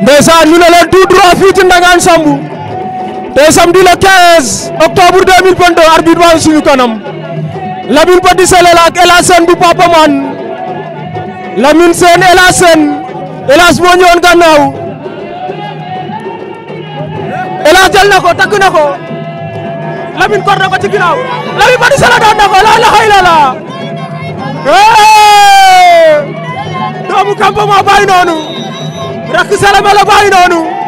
Desa ñu ne leen tout droit fii ci Ndangane Sambou te samedi le 15 octobre 2022 arbitre wa ngi suñu kanam La bin pati ak El Hadj bu Papa Man La min sen elasen elas El Hadj moo ñëwoon gannaaw El Hadj nako. na ko takk na ko Lamine kor na ko ci ginnaaw Lamine Petit Selel daan na ko laa la la laa Kamu kampung apa ini, Nono? rakk Salama la bàyyi noonu